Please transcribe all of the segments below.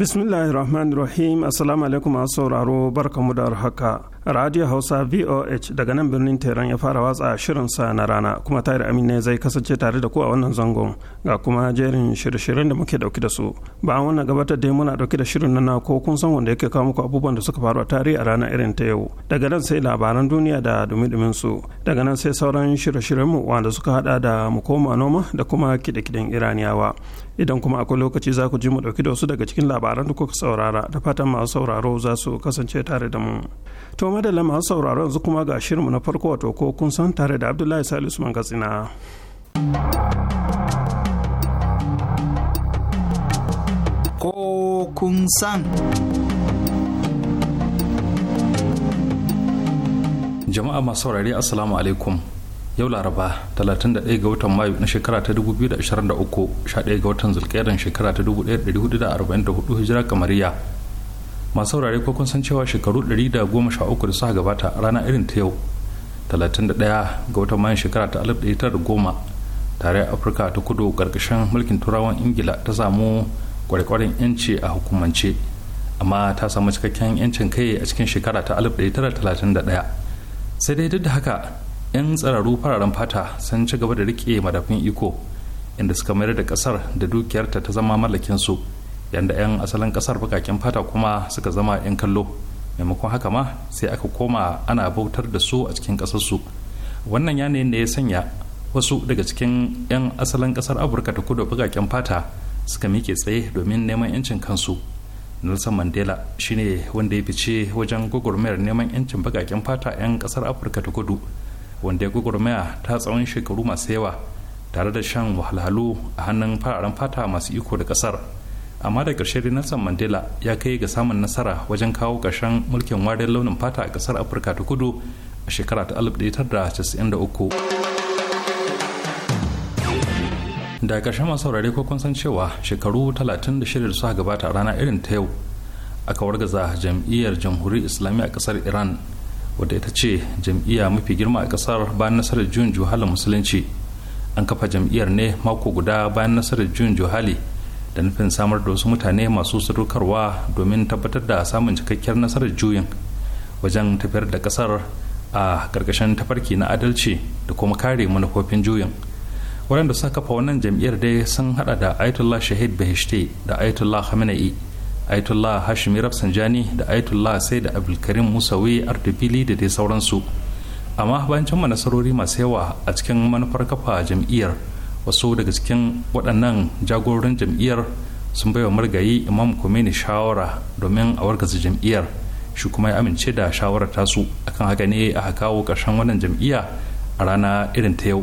bismillahirrahmanirrahim assalamu alaikum masu sauraro barkamu da haka radio hausa voh daga nan birnin teran ya fara watsa shirinsa na rana kuma tare amina zai kasance tare da ku a wannan zangon ga kuma jerin shirye-shiryen da muke dauki da su bayan wannan gabatar da muna dauki da shirin na ko kun san wanda yake kawo muku abubuwan da suka faru a tarihi a rana irin ta yau daga nan sai labaran duniya da dumi-dumin su daga nan sai sauran shirye-shiryen mu wanda suka hada da mu koma noma da kuma kide-kiden iraniyawa idan kuma akwai lokaci za ku ji mu dauki da wasu daga cikin labaran da kuka saurara da fatan masu sauraro za su kasance tare da mu to madalla masu sauraro yanzu kuma ga shirinmu na farko wato ko kun san tare da abdullahi salisu mangatsina. ko kun san jama'a masu saurare assalamu alaikum yau laraba 31 ga watan mayu na shekara ta 2023 11 ga watan zulkaidan shekara ta 1444 hijira kamariya masu saurare ko kun san cewa shekaru 113 da suka gabata rana irin ta yau 31 ga watan mayu shekara ta 1910 tare afirka ta kudu karkashin mulkin turawan ingila ta samu kwarkwarin yanci a hukumance amma ta samu cikakken yancin kai a cikin shekara ta 1931 sai dai duk da haka 'yan tsararru fararen fata sun ci gaba da rike madafin iko inda suka mayar da kasar da dukiyarta ta zama mallakin su yanda 'yan asalin kasar bakakin fata kuma suka zama 'yan kallo maimakon haka ma sai aka koma ana bautar da su a cikin kasarsu wannan yanayin ne ya sanya wasu daga cikin 'yan asalin kasar afirka ta kudu bakakin fata suka miƙe tsaye domin neman 'yancin kansu nelson mandela shine wanda ya fice wajen gwagwarmayar neman 'yancin bakakin fata 'yan kasar afirka ta kudu wanda ya gwagwarmaya ta tsawon shekaru masu yawa tare da shan wahalhalu a hannun fararen fata masu iko da kasar amma da ƙarshe nelson mandela ya kai ga samun nasara wajen kawo ƙarshen mulkin wariyar launin fata a ƙasar afirka ta kudu a shekara ta 1993 da ƙarshen masu saurare ko kun san cewa shekaru 36 da suka gabata a rana irin ta yau a aka wargaza jam'iyyar jamhuriyar islamiyya a ƙasar iran wadda ita ce jam'iyya mafi girma a kasar bayan nasarar juyin juhalin musulunci an kafa jam'iyyar ne mako guda bayan nasarar juyin juhali da nufin samar da wasu mutane masu sadaukarwa domin tabbatar da samun cikakkiyar nasarar juyin wajen tafiyar da kasar a karkashin tafarki na adalci da kuma kare manufofin juyin waɗanda suka kafa wannan jam'iyyar dai sun hada da ayatollah shahid bahishte da ayatollah khamenei Aitullah Hashimi Rafsanjani da Aitullah sai da Abdulkarim Musawi Ardubili da dai sauransu. Amma bayan cimma nasarori masu yawa a cikin manufar kafa jam'iyyar wasu daga cikin waɗannan jagororin jam'iyyar sun bai wa margayi Imam Khomeini shawara domin a wargaza jam'iyyar shi kuma ya amince da shawarar tasu akan haka ne aka kawo ƙarshen wannan jam'iyya a rana irin ta yau.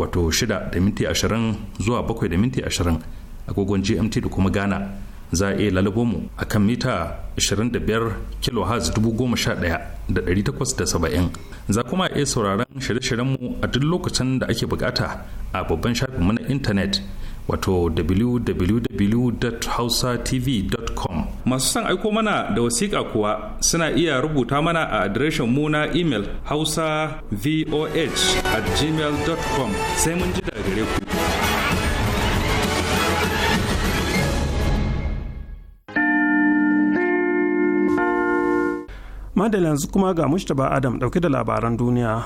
wato shida da zuwa bakwai da minti agogon gmt da kuma ghana za a iya lalabo mu a kan mita 25 kHz 11870 za kuma iya sauraron shirye mu a duk lokacin da ake bukata a babban shafinmu na intanet wato www.hausatv.com masu son aiko mana da wasiƙa kuwa suna iya rubuta mana a adireshin mu na imel hausa voh at gmail.com sai mun ji daga gare ku. Madalla yanzu kuma ga Mustapha Adam dauke da labaran duniya.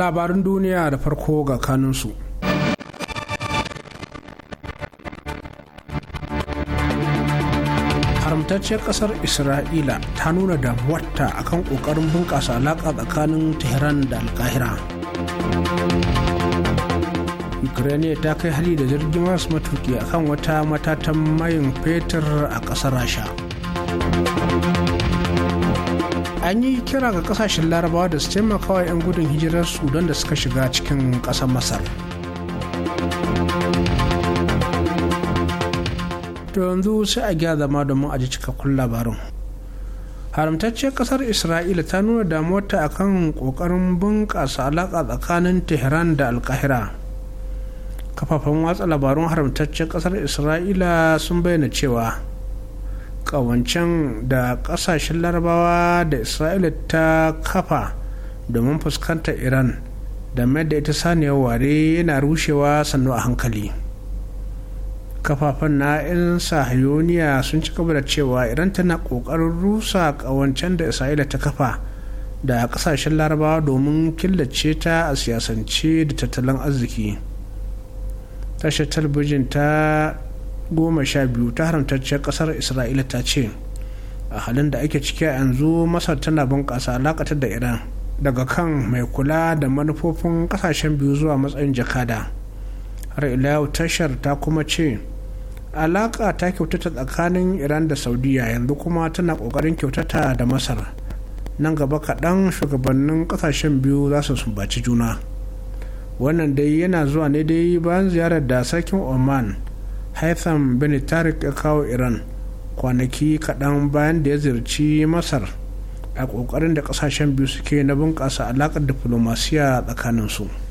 Labarin duniya da farko ga kanunsu. haramtacciyar kasar isra'ila ta nuna da damuwarta akan kokarin bunƙasa alaƙa tsakanin tehran da alkahira ukraine ta kai hali da jirgin masu matuki akan wata matatan mayin fetur a kasar rasha an yi kira ga kasashen larabawa da su taimaka wa 'yan gudun hijirar sudan da suka shiga cikin ƙasar masar to yanzu sai a gyara zama domin a ji cikakkun labarin haramtacciyar kasar isra'ila ta nuna damuwarta akan kokarin bunƙasa alaƙa tsakanin tehran da alkahira kafafen watsa labarun haramtacciyar kasar isra'ila sun bayyana cewa ƙawancen da ƙasashen larabawa da isra'ila ta kafa domin fuskantar iran da mai da ita saniyar ware yana rushewa sannu a hankali kafafen na 'yan sahayoniya sun ci gaba da cewa iran tana kokarin rusa kawancen da isra'ila ta kafa da kasashen larabawa domin killace ta a siyasance da tattalin arziki tashar talbijin ta goma sha biyu ta haramtaccen kasar isra'ila ta ce a halin da ake ciki a yanzu masar tana bunƙasa alaƙatar da iran daga kan mai kula da manufofin kasashen biyu zuwa matsayin jakada har ila tashar ta kuma ce alaka ta kyautata tsakanin iran da saudiya yanzu kuma tana ƙoƙarin kyautata da masar nan gaba kaɗan shugabannin ƙasashen biyu za su sumbaci juna wannan dai yana zuwa ne dai bayan ziyarar da sarkin oman haitham bin tarik ya kawo iran kwanaki kaɗan bayan da ya ziyarci masar a ƙoƙarin da ƙasashen biyu suke na bunƙasa alaƙar diflomasiya tsakaninsu. su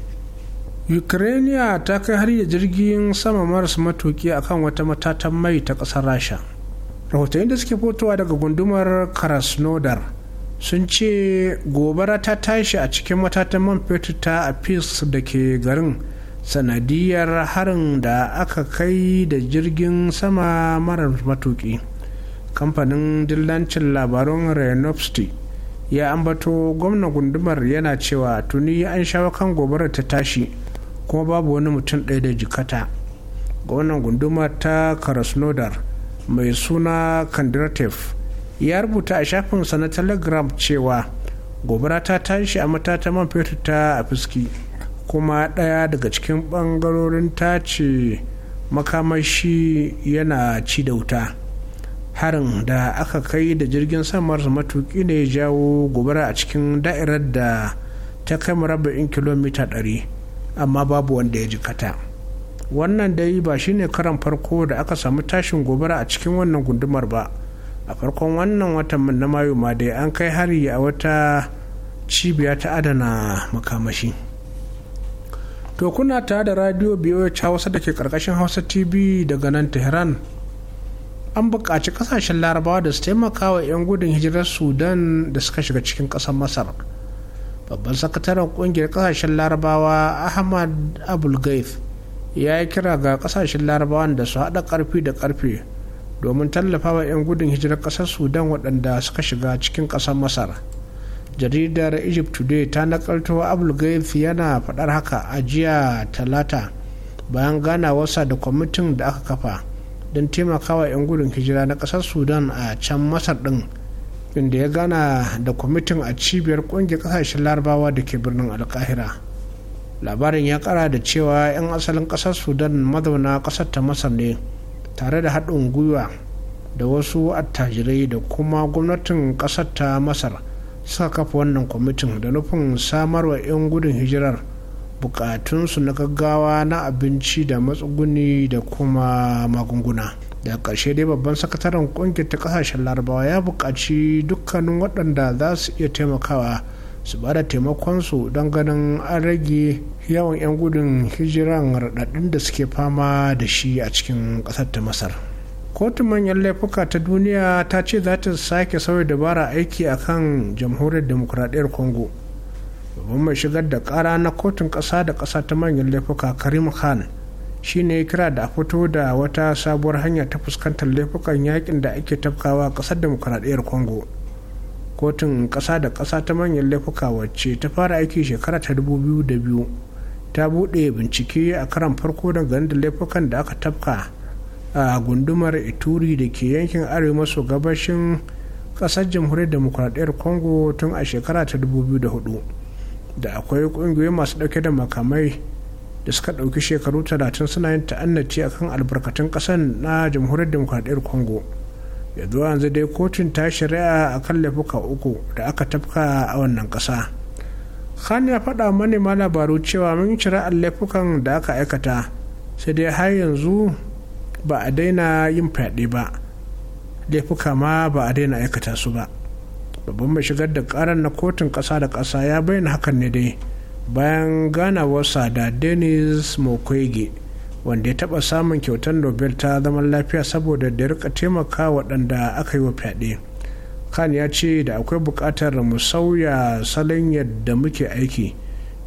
ukraine ta kai har da jirgin sama maras matuki a kan wata matatan mai ta ƙasar rasha rahotanni da suke fotowa daga gundumar krasnodar sun ce gobara ta tashi a cikin matatan man fetur ta apis da ke garin sanadiyar harin da aka kai da jirgin sama marar matuki kamfanin dillancin labarun renovsti ya ambato gwamna gundumar yana cewa tuni an shawo kan gobarar ta tashi kuma babu wani mutum ɗaya da jikata ga wannan gunduma ta karasnodar mai suna kandiratif ya rubuta a shafinsa na telegram cewa gobara ta tashi a matata man fetur ta a fuski kuma ɗaya daga cikin ɓangarorin ta ce makamashi yana ci da wuta harin da aka kai da jirgin samar matuki ne ya jawo gobara a cikin da'irar da ta kai murabba'in kilomita 100 amma babu wanda ya jikata wannan dai ba shine karan farko da aka samu tashin gobara a cikin wannan gundumar ba a farkon wannan watan na mayu ma dai an kai hari a wata cibiya ta adana makamashi to kuna tare da radio biyo hausa da ke karkashin hausa tv daga nan tehran an buƙaci ƙasashen larabawa da su taimaka wa 'yan gudun hijirar sudan da suka shiga cikin ƙasar masar babban sakataren kungiyar kasashen larabawa ahmad abulgaif ya yi kira ga kasashen larabawa da su haɗa ƙarfi da ƙarfe domin tallafa wa 'yan gudun hijirar ƙasar sudan waɗanda suka shiga cikin ƙasar masar jaridar egypt today ta nakalto abulgaif yana faɗar haka a jiya talata bayan ganawarsa da kwamitin da aka kafa don taimakawa 'yan gudun hijira na ƙasar sudan a can masar ɗin inda ya gana da kwamitin a cibiyar kungiyar ƙasashen larabawa da ke birnin alkahira labarin ya kara da cewa 'yan asalin ƙasar sudan mazauna ƙasar ta masar ne tare da haɗin gwiwa da wasu attajirai da kuma gwamnatin ƙasar ta masar suka kafa wannan kwamitin da nufin samarwa 'yan gudun hijirar bukatunsu na gaggawa na abinci da matsuguni da kuma magunguna da ƙarshe dai babban sakataren ƙungiyar ta ƙasashen larabawa ya buƙaci dukkanin waɗanda za su iya taimakawa su ba da taimakonsu don ganin an rage yawan 'yan gudun hijiran raɗaɗin da suke fama da shi a cikin ƙasar ta masar kotun manyan laifuka ta duniya ta ce za ta sake sauya dabara aiki a kan jamhuriyar demokuraɗiyar congo babban mai shigar da ƙara na kotun ƙasa da ƙasa ta manyan laifuka karim khan shine kira da a fito da wata sabuwar hanya ta fuskantar laifukan yakin da ake tafkawa a ƙasar demokuraɗiyar congo kotun ƙasa da ƙasa ta manyan laifuka wacce ta fara aiki shekara ta 2002 ta buɗe bincike a karan farko dangane da laifukan da aka tafka a gundumar ituri da ke yankin arewa maso gabashin ƙasar jamhuriyar demokuraɗiyar congo tun a shekara ta 2004 da akwai ƙungiyoyi masu ɗauke da makamai da suka ɗauki shekaru talatin suna yin ta'annaci akan albarkatun ƙasar na jamhuriyar demokradiyyar congo yanzu yanzu dai kotun ta shari'a a kan laifuka uku da aka tafka a wannan ƙasa khan ya faɗa manema labaru cewa mun shari'ar laifukan da aka aikata sai dai har yanzu ba a daina yin fyaɗe ba laifuka ma ba a daina aikata su ba babban mai shigar da ƙarar na kotun ƙasa da ƙasa ya bayyana hakan ne dai bayan ganawarsa da denis mukwege wanda ya taba samun kyautar nobel ta zaman lafiya saboda da rika taimaka waɗanda aka yi wa fyaɗe kan ya ce da akwai buƙatar mu sauya salon yadda muke aiki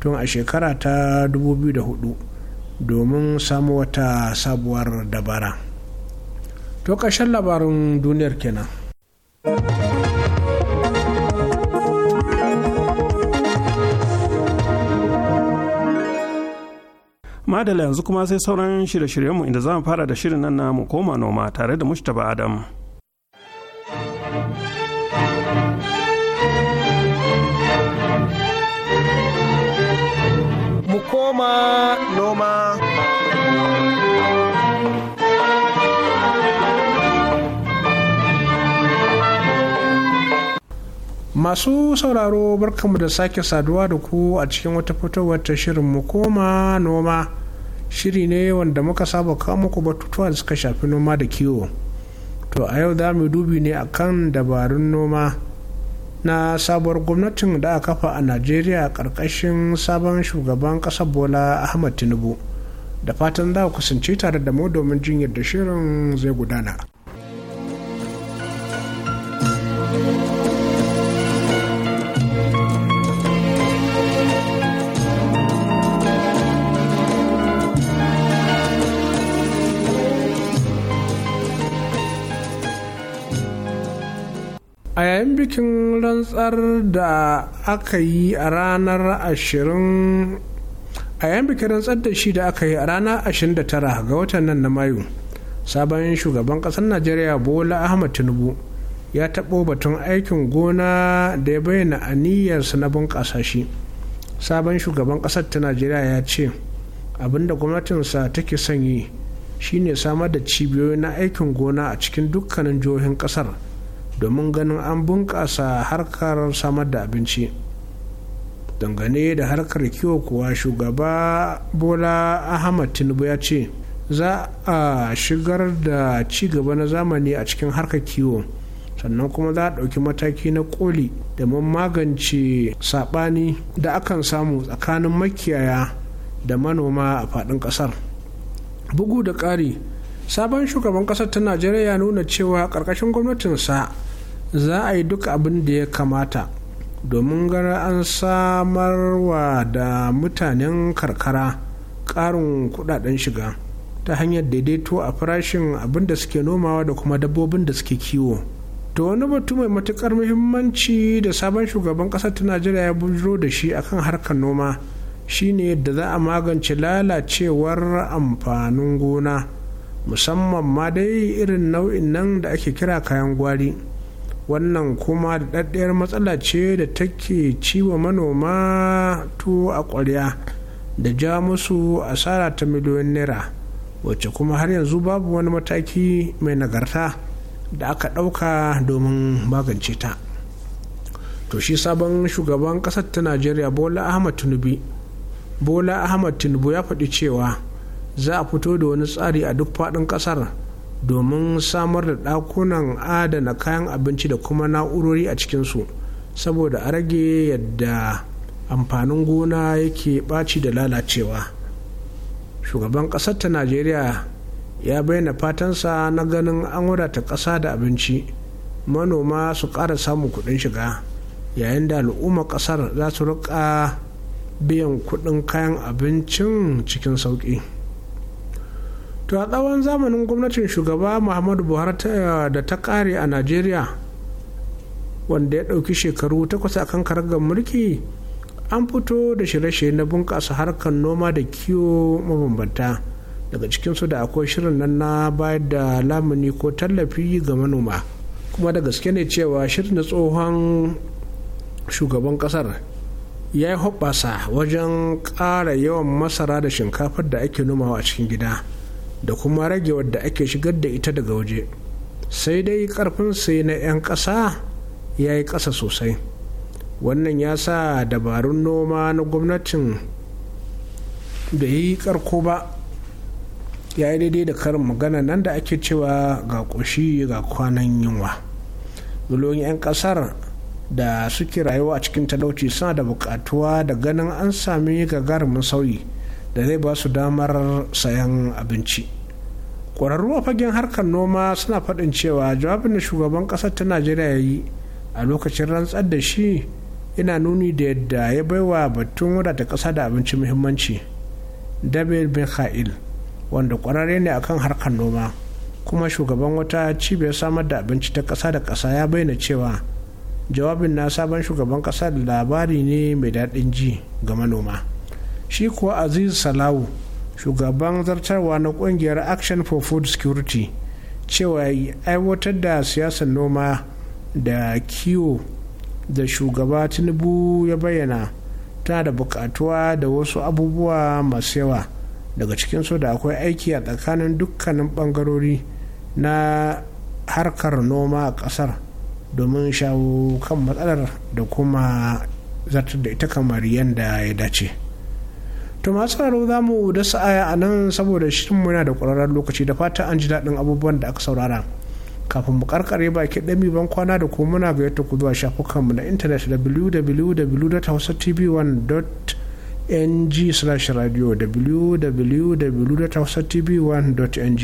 tun a shekara ta 2004 domin samu wata sabuwar dabara to ƙarshen labarin duniyar kenan. madala yanzu kuma sai sauran shirye-shiryenmu inda za mu fara da shirin nan na mu koma noma tare da mustapha adam koma noma masu sauraro barkanmu da sake saduwa da ku a cikin wata fitowar ta shirin mu koma noma shiri ne wanda muka saba kawo muku batutuwa da suka shafi noma da kiwo to a yau za mu dubi ne akan dabarun noma na sabuwar gwamnatin da aka kafa a najeriya karkashin sabon shugaban ƙasar bola ahmad tinubu da fatan za ku kusance tare da mu domin jin yadda shirin zai gudana a yayin bikin rantsar da aka yi a ranar ashirin a yayin bikin rantsar da shi da aka yi a ranar tara ga watan nan na mayu sabon shugaban kasar najeriya bola ahmad tinubu ya taɓo batun aikin gona da ya bayyana aniyarsa na bunƙasa shi sabon shugaban ƙasar ta najeriya ya ce abinda gwamnatinsa take son yi shine samar da cibiyoyi na aikin gona a cikin dukkanin jihohin ƙasar domin ganin an bunƙasa harkar samar da abinci dangane da harkar kiwo kuwa shugaba bola ahmad tinubu ya ce za a shigar da ci gaba na zamani a cikin harkar kiwo sannan kuma za a ɗauki mataki na koli da magance saɓani da akan samu tsakanin makiyaya da manoma a faɗin ƙasar bugu da ƙari sabon shugaban ƙasar ta najeriya nuna cewa ƙarƙashin gwamnatinsa za a yi duk abin da ya kamata domin gara an samarwa da mutanen karkara ƙarin kudaden shiga ta hanyar daidaito a farashin abin da suke nomawa da kuma dabbobin da suke kiwo to wani batu mai matukar muhimmanci da sabon shugaban ƙasar ta najeriya ya bujiro da shi akan harkar noma shine yadda za a magance lalacewar amfanin gona musamman ma dai irin nau'in nan da ake kira kayan gwari. wannan kuma da matsala ce da take ciwo manoma tuwo a ƙwarya da ja musu asara ta miliyoyin naira wacce kuma har yanzu babu wani mataki mai nagarta da aka ɗauka domin magance ta to shi sabon shugaban ƙasar ta najeriya bola ahmad tinubu bola ahmad tinubu ya faɗi cewa za a fito da wani tsari a duk faɗin ƙasar domin samar da ɗakunan adana kayan abinci da kuma na'urori a cikinsu saboda a rage yadda amfanin gona yake ɓaci da lalacewa shugaban ƙasar ta najeriya ya bayyana fatansa na ganin an wadata ƙasa da abinci manoma su ƙara samun kuɗin shiga yayin da al'umma ƙasar za su riƙa biyan kuɗin kayan abincin cikin sauƙi. to a tsawon zamanin gwamnatin shugaba muhammadu buhari da ta kare a najeriya wanda ya ɗauki shekaru takwas a kan karagar mulki an fito da shirye-shirye na bunƙasa harkar noma da kiwo mabambanta daga cikinsu da akwai shirin nan na bayar da lamuni ko tallafi ga manoma kuma da gaske ne cewa shirin na tsohon shugaban kasar ya yi hoɓasa wajen ƙara yawan masara da shinkafar da ake nomawa a cikin gida. da kuma rage wadda ake shigar da ita daga waje sai dai karfin sai na 'yan ƙasa ya yi ƙasa sosai wannan ya sa dabarun noma na gwamnatin da yi karko ba ya yi daidai da karin magana nan da ake cewa ga ƙoshi ga kwanan yunwa miliyoyin 'yan ƙasar da suke rayuwa a cikin talauci suna da buƙatuwa da ganin an sami gagarumin sauyi da zai ba su damar sayan abinci ƙwararru a fagen harkar noma suna faɗin cewa jawabin da shugaban ƙasar ta najeriya ya yi a lokacin rantsar da shi ina nuni da yadda ya baiwa batun wadata ƙasa da abinci muhimmanci david mikhail wanda ƙwararre ne akan harkar noma kuma shugaban wata cibiyar samar da abinci ta ƙasa da ƙasa ya bayyana cewa jawabin na sabon shugaban ƙasa da labari ne mai daɗin ji ga manoma shi kuwa aziz salawu shugaban zartarwa na kungiyar action for food security cewa aiwatar da siyasar noma da kiwo da shugaba tinubu ya bayyana tana da bukatuwa da wasu abubuwa masu yawa daga cikinsu da akwai aiki a tsakanin dukkanin bangarori na harkar noma a kasar domin shawo kan matsalar da kuma zartar da ita kamar yadda ya dace. to masu sauraro za mu da aya a nan saboda shirin muna da kwararren lokaci da fata an ji daɗin abubuwan da aka saurara kafin mu karkare baki ɗami ban kwana da kuma muna ga yadda ku zuwa shafukanmu na intanet www.hausatv1.ng slash radio www.hausatv1.ng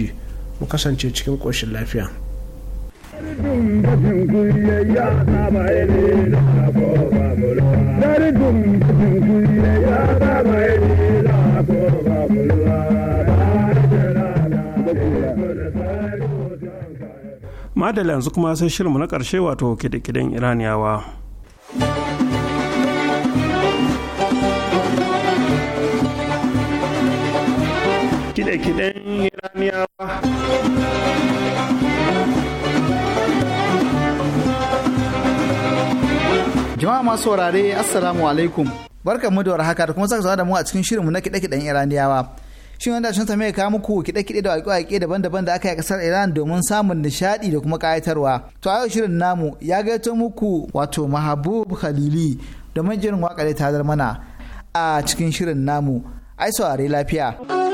mu kasance cikin ƙoshin lafiya. Daridun na madala yanzu kuma sai shirinmu na ƙarshe wato kide-kiden iraniyawa kide-kiden iraniyawa Jama'a masu saurare Assalamu alaikum. Barkan da warhaka da kuma zama da mu a cikin shirinmu na kiɗe-kiɗen Iraniyawa. shin wanda sun same ka muku kiɗe-kiɗe da waƙe-waƙe daban-daban da aka yi ƙasar Iran domin samun nishaɗi da kuma ƙayatarwa. To a yau shirin namu ya gaito muku wato Mahabub halili domin jirin waƙa da ta mana a cikin shirin namu. Ai saurari lafiya.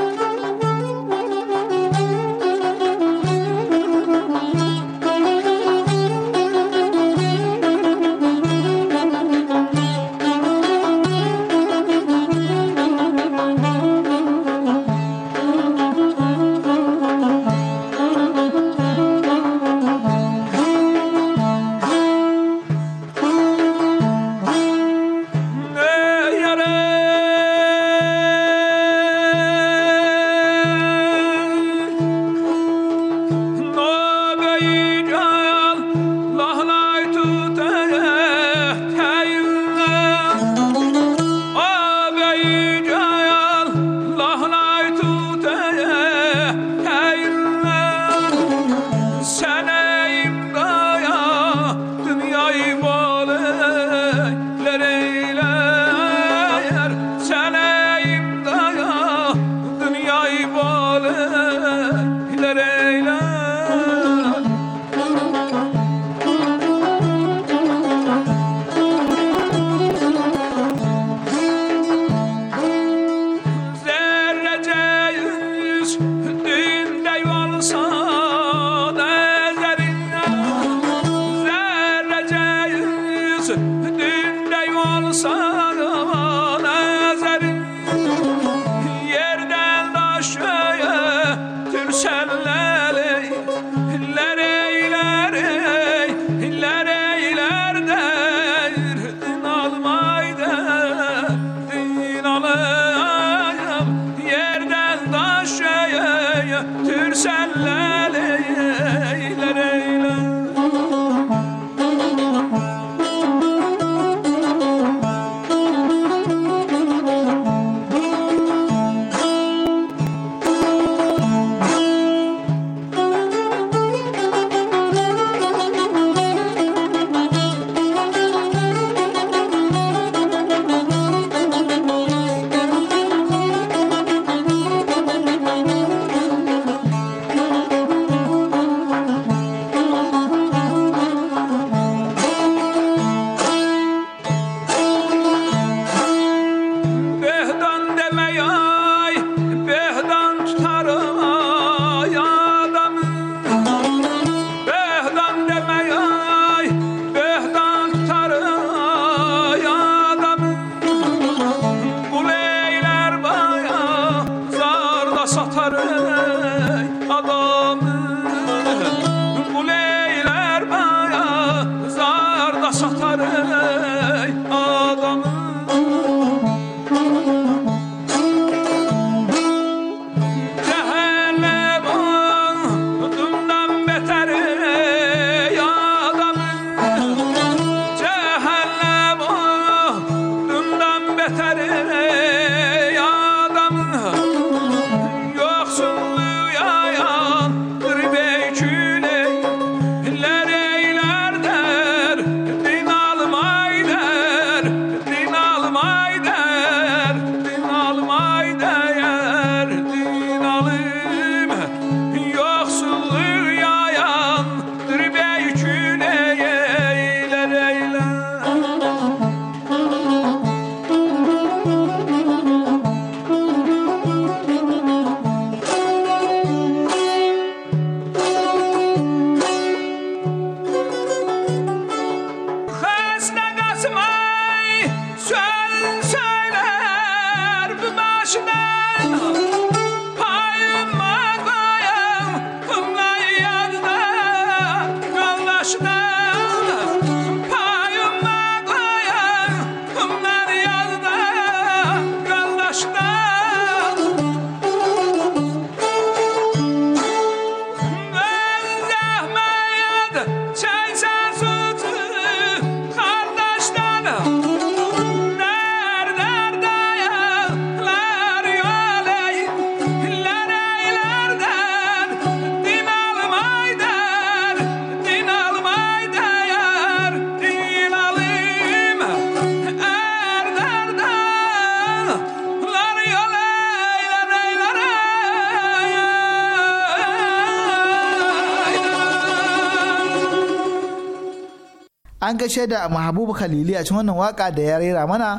an gaishe da mahabubu khalili a cikin wannan waka da ya rera mana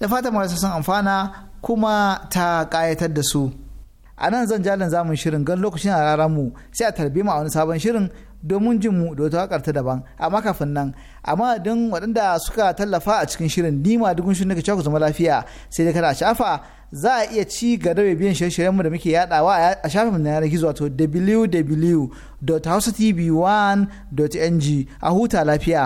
da fata masu sun amfana kuma ta kayatar da su a nan zan jalin zamun shirin gan lokacin a rara mu sai a tarbi mu a wani sabon shirin domin jin mu da wata wakar ta daban amma kafin nan amma don waɗanda suka tallafa a cikin shirin nima dukun shirin daga ku zama lafiya sai dai kada a shafa za a iya ci ga da biyan shirye mu da muke yadawa a shafin na yanar gizo wato www.hausatv1.ng a huta lafiya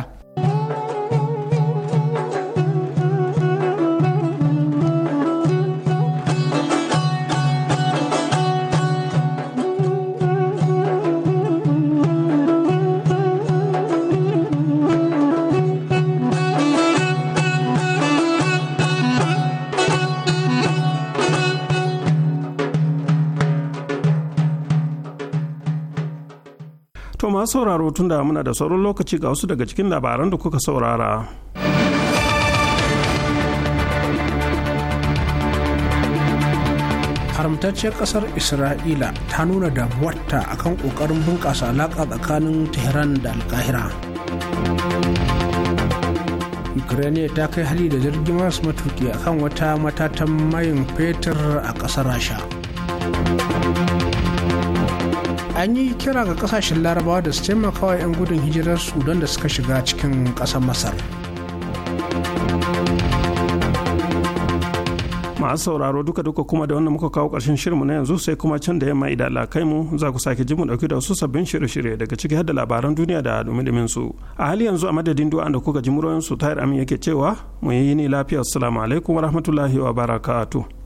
To masu sauraro tun da muna da sauran lokaci ga wasu daga cikin labaran da kuka saurara. haramtacciyar kasar isra'ila ta nuna da damuwarta akan ƙoƙarin bunƙasa alaƙa tsakanin tehran da alkahira ukraine ta kai hali da jirgin masu matuki a kan wata matatan mayin fetur a ƙasar rasha an yi kira ga kasashen larabawa da su taimaka wa 'yan gudun hijirar su don da suka shiga cikin ƙasar masar masu sauraro duka duka kuma da wannan muka kawo ƙarshen shirinmu na yanzu sai kuma can da yamma idan lakai mu za ku sake ji mu dauki da wasu sabbin shirye-shirye daga ciki har da labaran duniya da dumi su a hali yanzu a madadin du'a da kuka ji muryoyin su tayar amin yake cewa mu yi ni lafiya assalamu alaikum wa barakatu.